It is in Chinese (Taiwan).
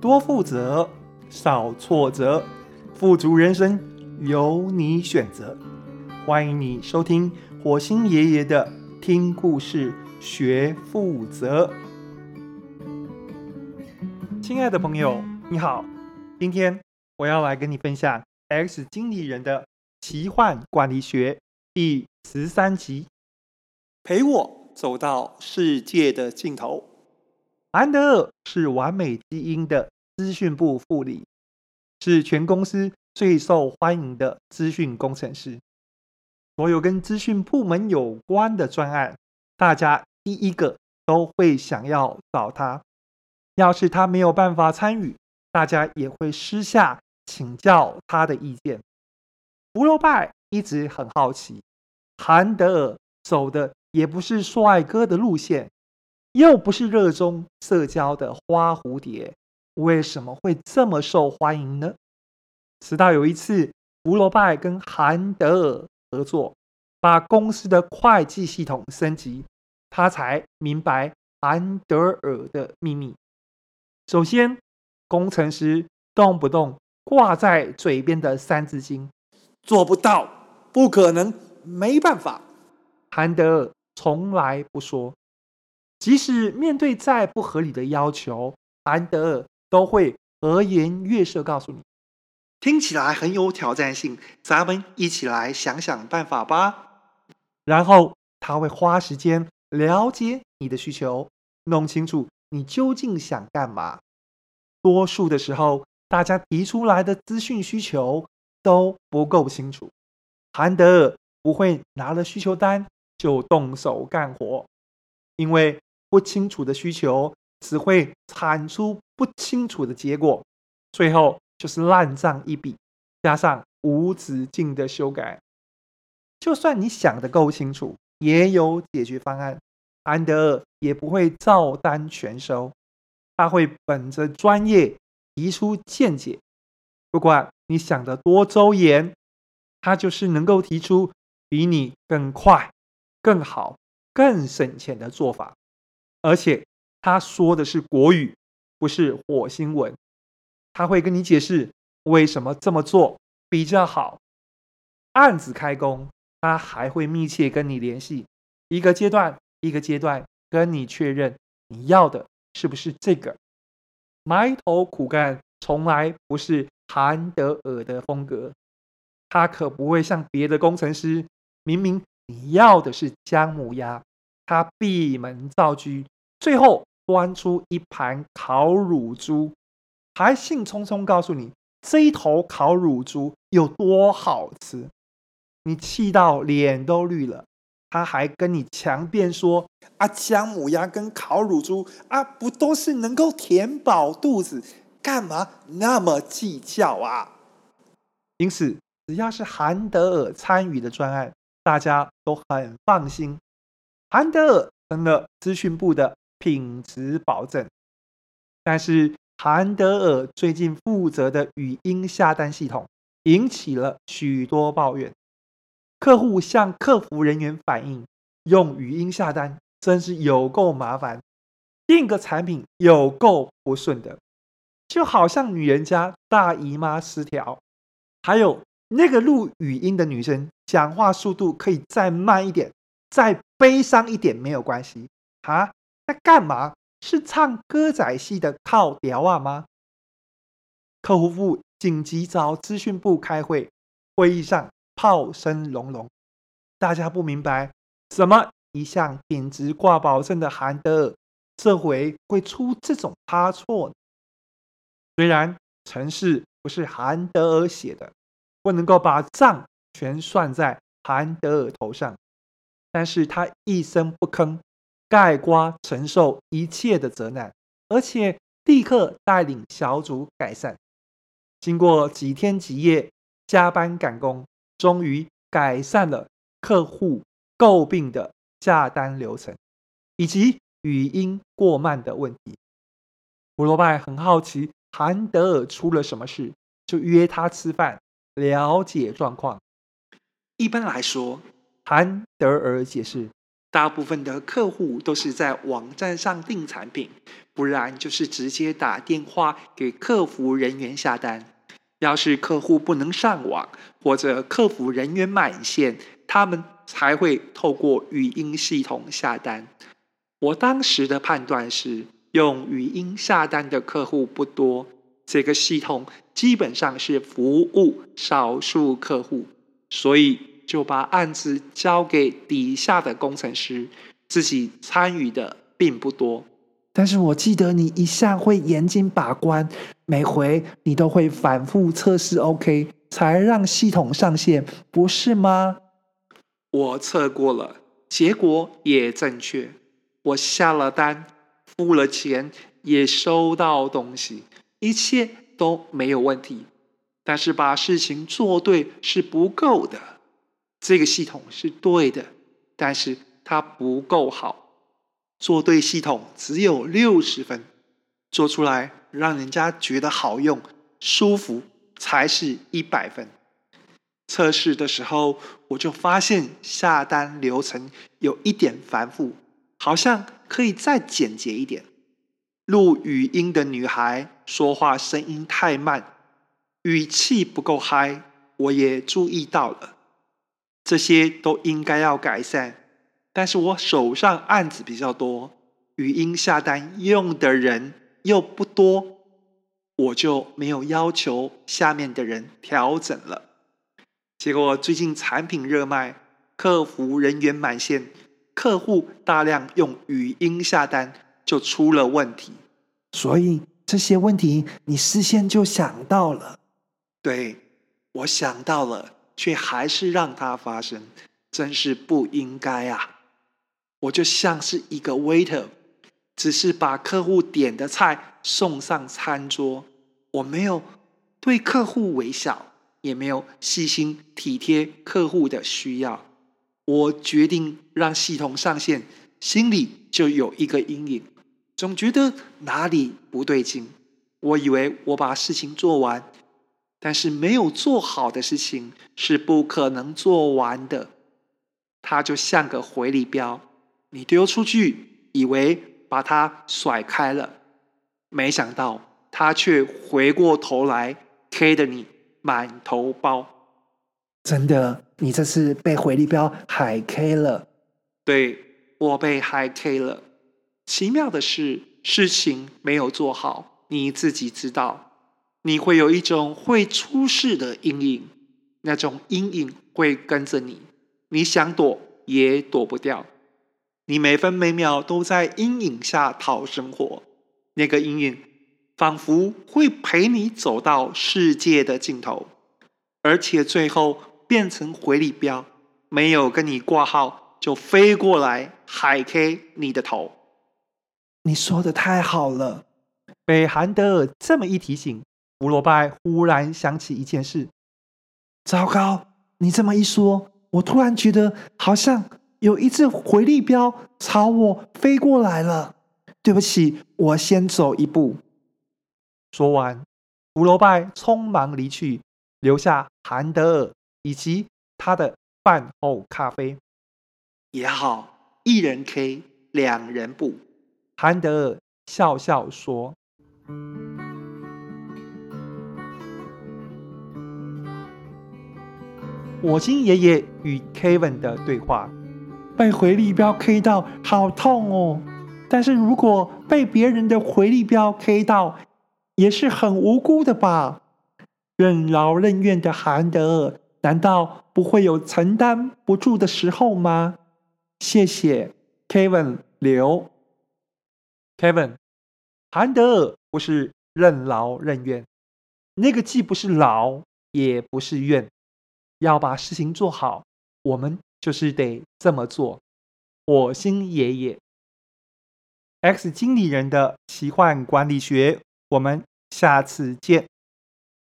多富擇，少挫折，富足人生由你選擇。歡迎你收聽火星爺爺的聽故事學富擇。親愛的朋友，你好，今天我要來跟你分享《X 經理人的奇幻管理學》第十三集，陪我走到世界的盡頭。韓德爾是完美基因的。資訊部副理是全公司最受歡迎的資訊工程師。所有跟資訊部門有關的專案，大家第一個都會想要找他。要是他沒有辦法參與，大家也會私下請教他的意見。胡洛拜一直很好奇，韓德爾走的也不是帥哥的路線，又不是熱衷社交的花蝴蝶。為什麼會這麼受歡迎呢？直到有一次，福羅拜跟韓德爾合作，把公司的會計系統升級，他才明白韓德爾的秘密。首先，工程師動不動掛在嘴邊的三字經，做不到、不可能、沒辦法。韓德爾從來不說，即使面對再不合理的要求，韓德爾。都會和顏悅色告訴你，聽起來很有挑戰性。咱們一起來想想辦法吧。然後他會花時間了解你的需求，弄清楚你究竟想幹嘛。多數的時候，大家提出來的資訊需求都不夠清楚。韓德爾不會拿了需求單就動手幹活，因為不清楚的需求。只會產出不清楚的結果，最後就是爛賬一筆，加上無止境的修改。就算你想得夠清楚，也有解決方案。韓德爾也不會照單全收，他會本着專業提出見解。不管你想得多周延，他就是能夠提出比你更快、更好、更省錢的做法，而且，他說的是國語，不是火星文。他會跟你解釋為什麼這麼做比較好。案子開工，他還會密切跟你聯繫，一個階段一個階段跟你確認你要的是不是這個。埋頭苦幹從來不是韓德爾的風格，他可不會像別的工程師，明明你要的是薑母鴨，他閉門造車，最後。端出一盤烤乳豬，還興沖沖告訴你這一頭烤乳豬有多好吃，你氣到臉都綠了。他還跟你強辯說：“啊，薑母鴨跟烤乳豬啊，不都是能夠填飽肚子，幹嘛那麼計較啊？”因此，只要是韓德爾參與的專案，大家都很放心。韓德爾成了資訊部的。品質保證，但是韓德爾最近負責的語音下單系統引起了許多抱怨。客戶向客服人員反映，用語音下單真是有夠麻煩，訂個產品有夠不順的，就好像女人家大姨媽失調。還有那個錄語音的女生，講話速度可以再慢一點，再悲傷一點沒有關係啊。在幹嘛？是唱歌仔戲的哭調仔嗎？客戶部緊急找資訊部開會，會議上炮聲隆隆，大家不明白，什麼一向品質掛保證的韓德爾，這回會出這種差錯呢？雖然程式不是韓德爾寫的，不能夠把賬全算在韓德爾頭上，但是他一聲不吭，概括承受一切的責難，而且立刻帶領小組改善。經過幾天幾夜加班趕工，終於改善了客戶詬病的下單流程，以及語音過慢的問題。胡羅拜很好奇韓德爾出了什麼事，就約他吃飯，了解狀況。一般來說，韓德爾解釋。大部分的客戶都是在網站上訂產品，不然就是直接打電話給客服人員下單。要是客戶不能上網或者客服人員滿線，他們才會透過語音系統下單。我當時的判斷是，用語音下單的客戶不多，這個系統基本上是服務少數客戶，所以。就把案子交給底下的工程師，自己參與的並不多。但是我記得你一向會嚴謹把關，每回你都會反覆測試，OK 才讓系統上線，不是嗎？我測過了，結果也正確。我下了單，付了錢，也收到東西，一切都沒有問題。但是把事情做對是不夠的。這個系統是對的，但是它不夠好。做對系統只有六十分，做出來讓人家覺得好用、舒服才是一百分。測試的時候，我就發現下單流程有一點繁複，好像可以再簡潔一點。錄語音的女孩說話聲音太慢，語氣不夠嗨，我也注意到了。這些都應該要改善，但是我手上案子比較多，語音下單用的人又不多，我就沒有要求下面的人調整了。結果最近產品熱賣，客服人員滿線，客戶大量用語音下單，就出了問題。所以這些問題，你事先就想到了？對，我想到了。卻還是讓它發生，真是不應該啊！我就像是一個 waiter，只是把客戶點的菜送上餐桌，我沒有對客戶微笑，也沒有細心體貼客戶的需要。我決定讓系統上線，心裡就有一個陰影，總覺得哪裡不對勁。我以為我把事情做完。但是沒有做好的事情是不可能做完的，它就像個回力鏢，你丟出去，以為把它甩開了，沒想到它卻回過頭來 K 的你滿頭包。真的，你這次被回力鏢嗨 K 了。對，我被嗨 K 了。奇妙的是，事情沒有做好，你自己知道。你會有一種會出事的陰影，那種陰影會跟着你，你想躲也躲不掉。你每分每秒都在陰影下討生活，那個陰影仿佛會陪你走到世界的盡頭，而且最後變成回力鏢，沒有跟你掛號就飛過來，海 K 你的頭。你說的太好了，被韓德爾這麼一提醒，胡羅拜忽然想起一件事，糟糕！你這麼一說，我突然覺得好像有一只回力鏢朝我飛過來了。對不起，我先走一步。說完，胡羅拜匆忙離去，留下韓德爾以及他的飯後咖啡。也好，一人 K，兩人不。韓德爾笑笑說。我金爺爺與 Kevin 的對話，被回力標 K 到好痛哦。但是如果被別人的回力標 K 到，也是很無辜的吧？任勞任怨的韓德爾，難道不會有承擔不住的時候嗎？謝謝 Kevin 劉。Kevin，韓德爾不是任勞任怨，那個既不是勞，也不是怨。要把事情做好，我們就是得這麼做。火星爺爺，X 經理人的奇幻管理學，我們下次見。